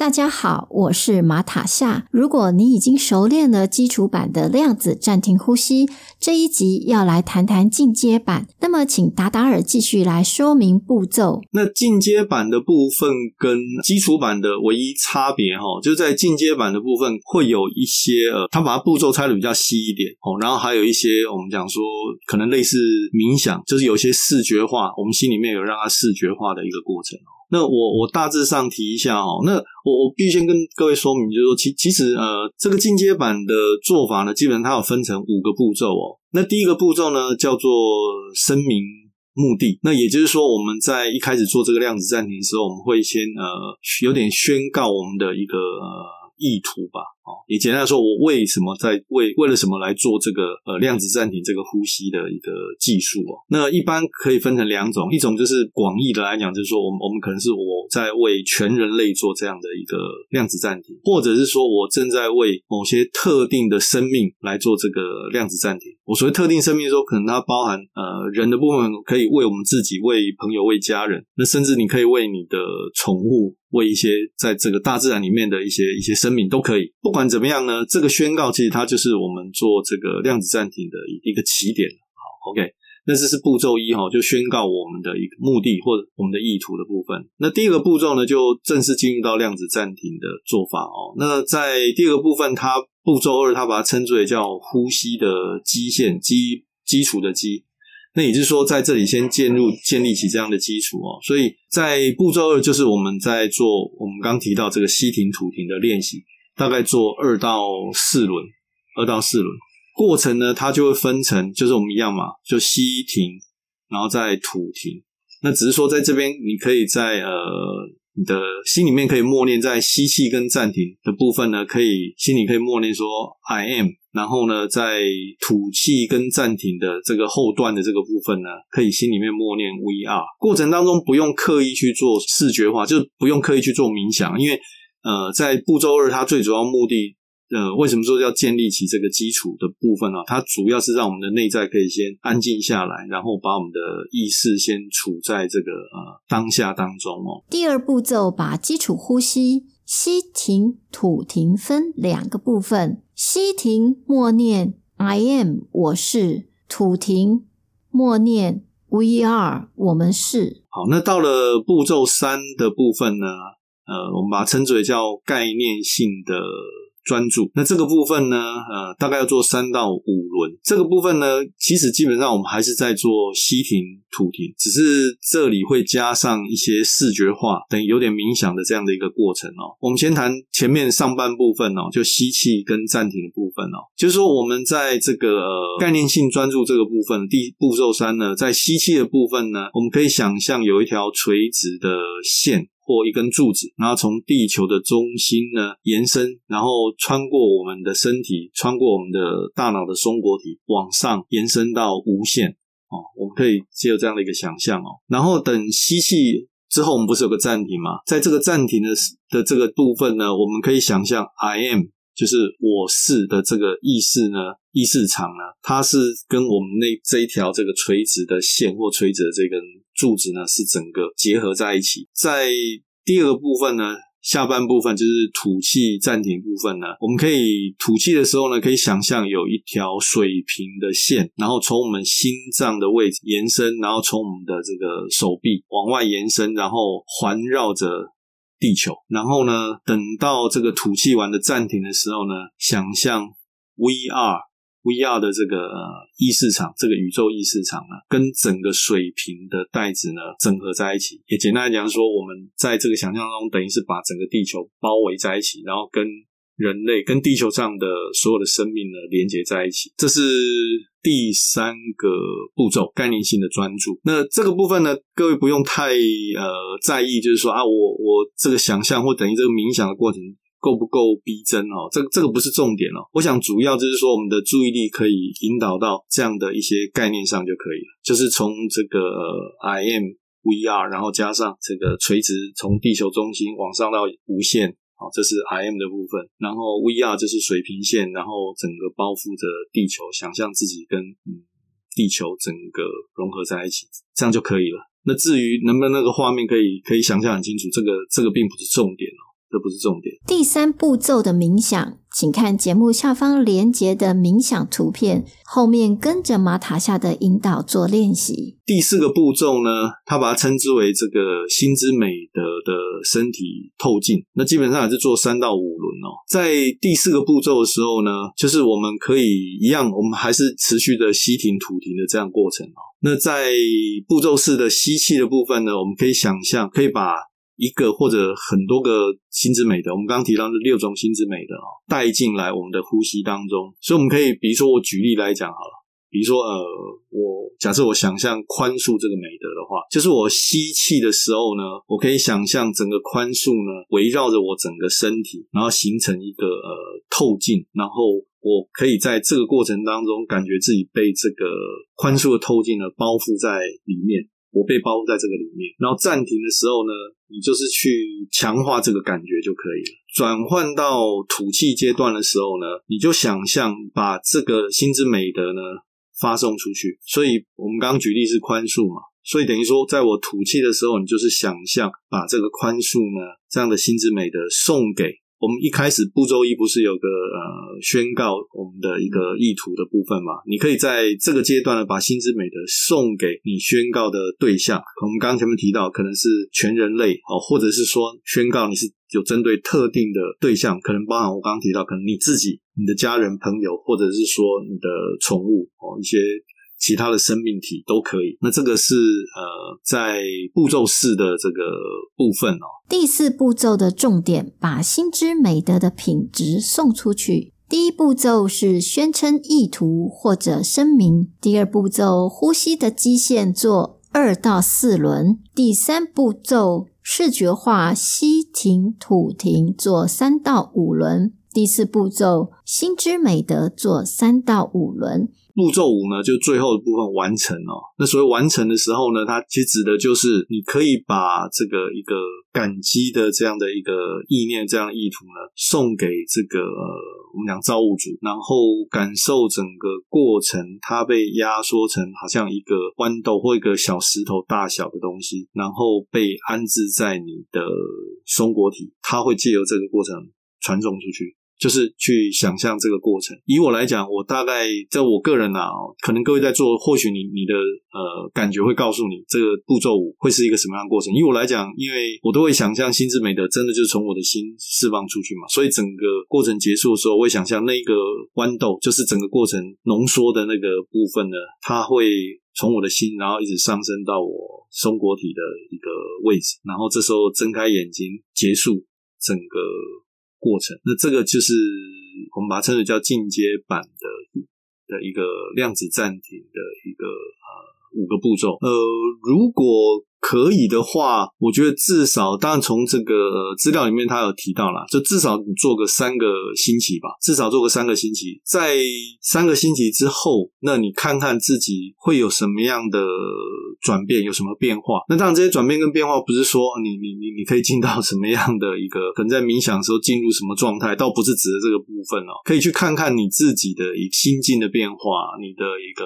大家好，我是馬塔夏。如果你已經熟練了基礎版的量子暫停呼吸，這一集要來談談進階版。那麼，請達達爾繼續來說明步驟。那進階版的部分跟基礎版的唯一差別，哈，就在進階版的部分會有一些呃，他把它步驟拆得比較細一點哦。然後還有一些我們講說，可能類似冥想，就是有些視覺化，我們心裡面有讓它視覺化的一個過程哦。那我我大致上提一下哦。那我我必須先跟各位說明，就是說其其實呃，這個進階版的做法呢，基本上它有分成五個步驟哦。那第一個步驟呢，叫做聲明目的。那也就是說，我們在一開始做這個量子暫停的時候，我們會先呃，有點宣告我們的一個呃意圖吧。也簡單來說，我為什麼在為為了什麼來做這個呃量子暫停這個呼吸的一個技術哦，那一般可以分成兩種，一種就是廣義的來講，就是說我們我們可能是我在為全人類做這樣的一個量子暫停，或者是說我正在為某些特定的生命來做這個量子暫停。我所謂特定生命的時候，可能它包含呃人的部分，可以為我們自己、為朋友、為家人，那甚至你可以為你的寵物、為一些在這個大自然裡面的一些一些生命都可以，不管。但怎麼樣呢？這個宣告其實它就是我們做這個量子暫停的一個起點。好，OK。那這是步驟一哈，就宣告我們的一個目的或者我們的意圖的部分。那第二個步驟呢，就正式進入到量子暫停的做法哦。那在第二個部分，它步驟二，它把它稱之為叫呼吸的基線，基基礎的基。那也就是說，在這裡先建立建立起這樣的基礎哦。所以在步驟二，就是我們在做我們剛提到這個吸停吐停的練習。大概做二到四輪，二到四輪過程呢，它就會分成，就是我們一樣嘛，就吸停，然後再吐停。那只是說，在這邊你可以在呃，你的心裡面可以默念，在吸氣跟暫停的部分呢，可以心裡可以默念說 I am，然後呢，在吐氣跟暫停的這個後段的這個部分呢，可以心裡面默念 we are。過程當中不用刻意去做視覺化，就不用刻意去做冥想，因為。呃，在步驟二，它最主要目的，呃，為什麼說要建立起這個基礎的部分呢、啊？它主要是讓我們的內在可以先安靜下來，然後把我們的意識先處在這個呃當下當中哦。第二步驟，把基礎呼吸吸停、吐停分兩個部分，吸停默念 “I am 我是”，吐停默念 “We are 我們是”。好，那到了步驟三的部分呢？呃，我們把它稱之為叫概念性的專注。那這個部分呢，呃，大概要做三到五輪。這個部分呢，其實基本上我們還是在做吸停吐停，只是這裡會加上一些視覺化等有點冥想的這樣的一個過程哦、喔。我們先談前面上半部分哦、喔，就吸氣跟暫停的部分哦、喔。就是說，我們在這個、呃、概念性專注這個部分，第步驟三呢，在吸氣的部分呢，我們可以想象有一條垂直的線。過一根柱子，然後從地球的中心呢延伸，然後穿過我們的身體，穿過我們的大腦的松果體，往上延伸到無限哦。我們可以藉由這樣的一個想象哦。然後等吸氣之後，我們不是有個暫停嗎？在這個暫停的的這個部分呢，我們可以想象 I am。就是我是的這個意識呢，意識場呢，它是跟我們那這一條這個垂直的線或垂直的這根柱子呢，是整個結合在一起。在第二部分呢，下半部分就是吐氣暫停部分呢，我們可以吐氣的時候呢，可以想象有一條水平的線，然後從我們心臟的位置延伸，然後從我們的這個手臂往外延伸，然後環繞着。地球，然後呢，等到這個吐氣完的暫停的時候呢，想象 We are、We are 的這個、呃、意識場，這個宇宙意識場呢，跟整個水平的帶子呢，整合在一起。也簡單來講說，我們在這個想象中，等於是把整個地球包圍在一起，然後跟。人類跟地球上的所有的生命呢，連接在一起，這是第三個步驟，概念性的專注。那這個部分呢，各位不用太呃在意，就是說啊，我我這個想象或等於這個冥想的過程夠不夠逼真哦，這這個不是重點哦。我想主要就是說，我們的注意力可以引導到這樣的一些概念上就可以了。就是從這個 I am、we are，然後加上這個垂直，從地球中心往上到無限。好，這是 I am 的部分，然後 we are 就是水平線，然後整個包覆着地球，想象自己跟，嗯，地球整個融合在一起，這樣就可以了。那至於能不能那個畫面可以可以想象很清楚，這個這個並不是重點哦、喔。這不是重點。第三步驟的冥想，請看節目下方連結的冥想圖片，後面跟着瑪塔夏的引導做練習。第四個步驟呢，他把它稱之為這個心之美德的身體透鏡。那基本上也是做三到五輪哦。在第四個步驟的時候呢，就是我們可以一樣，我們還是持續的吸停吐停的這樣過程哦。那在步驟四的吸氣的部分呢，我們可以想象可以把。一個或者很多個心之美德，我們剛剛提到的六種心之美德哦，帶進來我們的呼吸當中。所以我們可以，比如說我舉例來講好了，比如說呃，我假設我想象寬恕這個美德的話，就是我吸氣的時候呢，我可以想象整個寬恕呢圍繞着我整個身體，然後形成一個，呃，透鏡，然後我可以在這個過程當中，感覺自己被這個寬恕的透鏡呢包覆在裡面。我被包在這個裡面，然後暫停的時候呢，你就是去強化這個感覺就可以了。轉換到吐氣階段的時候呢，你就想象把這個心之美德呢發送出去。所以我們剛剛舉例是寬恕嘛，所以等於說，在我吐氣的時候，你就是想象把這個寬恕呢這樣的心之美德送給。我們一開始步驟一不是有個呃宣告我們的一個意圖的部分嘛？你可以在這個階段呢，把心之美德送給你宣告的對象。我們剛剛前面提到，可能是全人類哦，或者是說宣告你是有針對特定的對象，可能包含我剛剛提到，可能你自己、你的家人、朋友，或者是說你的寵物哦一些。其他的生命體都可以。那這個是呃，在步驟四的這個部分哦。第四步驟的重點，把心之美德的品質送出去。第一步驟是宣稱意圖或者聲明。第二步驟，呼吸的基線做二到四輪。第三步驟，視覺化吸停吐停做三到五輪。第四步驟，心之美德做三到五輪。步驟五呢，就最後的部分完成哦。那所謂完成的時候呢，它其實指的就是你可以把這個一個感激的這樣的一個意念，這樣的意圖呢，送給這個，呃，我們講造物主，然後感受整個過程，它被壓縮成好像一個豌豆或一個小石頭大小的東西，然後被安置在你的松果體，它會借由這個過程傳送出去。就是去想象這個過程。以我來講，我大概在我個人啊，可能各位在做，或許你你的呃感覺會告訴你，這個步驟五會是一個什麼樣的過程。以我來講，因為我都會想象，心之美德真的就是從我的心釋放出去嘛，所以整個過程結束的時候，我會想象那個豌豆就是整個過程濃縮的那個部分呢，它會從我的心，然後一直上升到我松果體的一個位置，然後這時候睜開眼睛結束整個。過程，那這個就是我們把它稱為叫進階版的的一個量子暫停的一個呃五個步驟。呃，如果。可以的話，我覺得至少，當然從這個資料裡面，他有提到啦，就至少你做個三個星期吧，至少做個三個星期，在三個星期之後，那你看看自己會有什麼樣的轉變，有什麼變化。那當然，這些轉變跟變化，不是說你你你你可以進到什麼樣的一個，可能在冥想的時候進入什麼狀態，倒不是指的這個部分哦。可以去看看你自己的一個心境的變化，你的一個。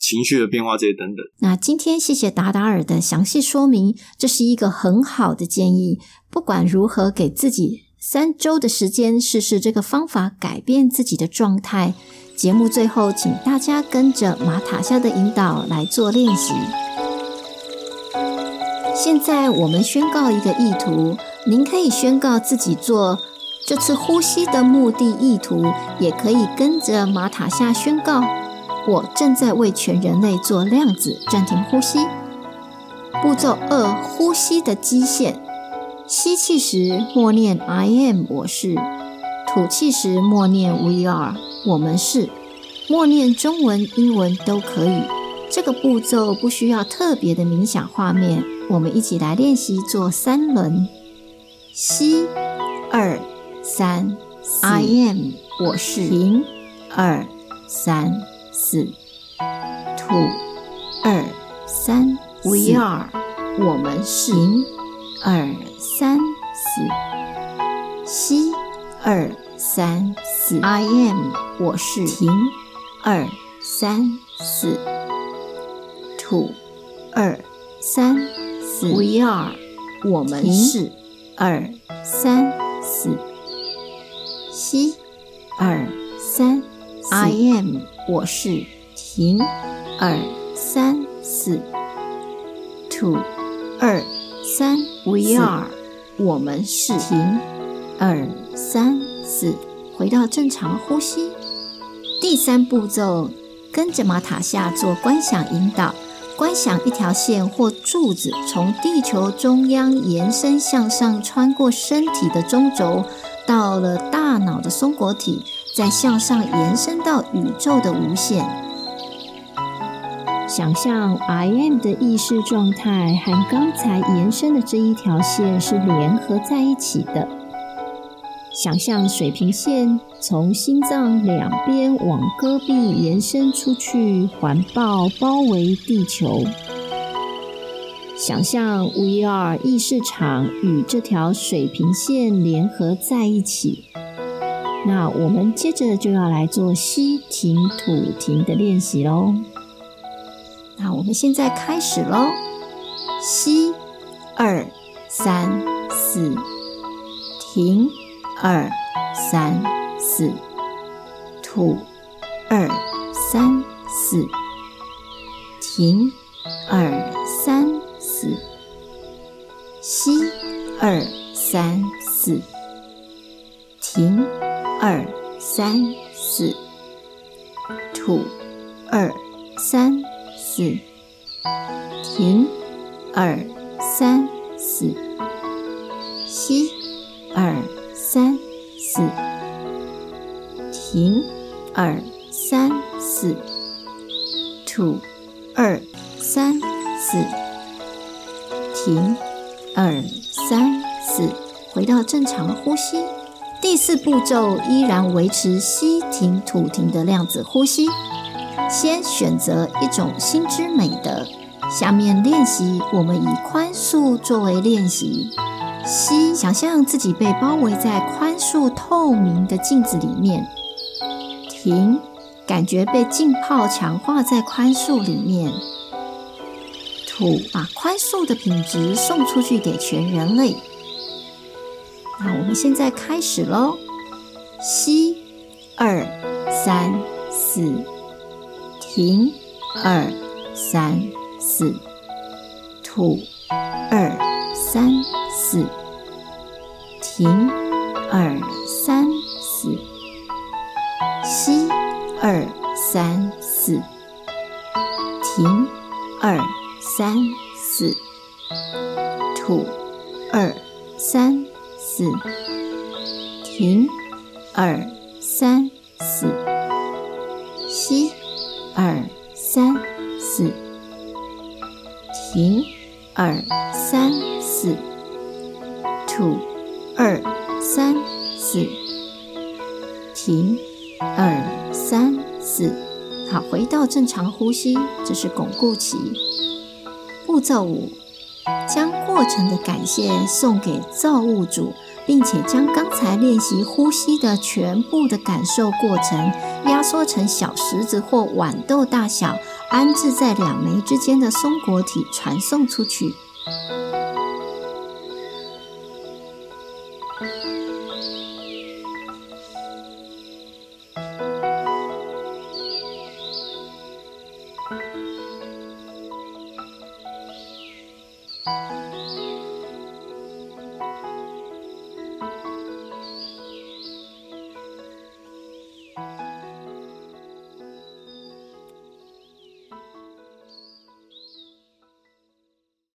情緒的變化，這些等等。那今天謝謝達達爾的詳細說明，這是一個很好的建議。不管如何，給自己三周的時間試試這個方法，改變自己的狀態。節目最後，請大家跟着瑪塔夏的引導來做練習。現在我們宣告一個意圖，您可以宣告自己做這次呼吸的目的意圖，也可以跟着瑪塔夏宣告。我正在為全人類做量子暫停呼吸。步驟二：呼吸的基線。吸氣時默念 “I am”，我是；吐氣時默念 “We are”，我們是。默念中文、英文都可以。這個步驟不需要特別的冥想畫面。我們一起來練習做三輪：吸二三，I am，我是；停二三。四，吐，二，三，四。We are，我們是。停，二，三，四。吸，二，三，四。I am，我是。停，二，三，四。吐，二，三，四。We are，我們是。停，二，三，四。吸，二，三。I am，我是。停，二三四，two，二三，we are，我們是。停，二三四，回到正常呼吸。第三步驟，跟着瑪塔夏做觀想引導，觀想一條線或柱子從地球中央延伸向上，穿過身體的中軸，到了大腦的松果體。再向上延伸到宇宙的無限。想象 I am 的意識狀態和剛才延伸的這一條線是聯合在一起的。想象水平線從心臟兩邊往胳臂延伸出去，環抱包圍地球。想象 We are 意識場與這條水平線聯合在一起。那我們接着就要來做吸、停、吐、停的練習嘍。那我們現在開始嘍，吸二三四，停二三四，吐二三四，停二三四，吸二三四，停。二三四，吐；二三四，停；二三四，吸；二三四，停；二三四，吐；二三四，停；二三四，回到正常呼吸。第四步驟依然維持吸、停、吐、停的量子呼吸。先選擇一種心之美德。下面練習，我們以寬恕作為練習。吸，想象自己被包圍在寬恕透明的鏡子裡面。停，感覺被浸泡、強化在寬恕裡面。吐，把寬恕的品質送出去給全人類。那我們現在開始咯，吸二三四，停二三四，吐二三四，停二三四，吸二三四，停二三四，停二三四，吐二三四停，二三四吸，二三四停，二三四吐，二三四停，二三四好，回到正常呼吸，這是鞏固期。步驟五，將過程的感謝送給造物主。並且將剛才練習呼吸的全部的感受過程，壓縮成小石子或豌豆大小，安置在兩眉之間的松果體，傳送出去。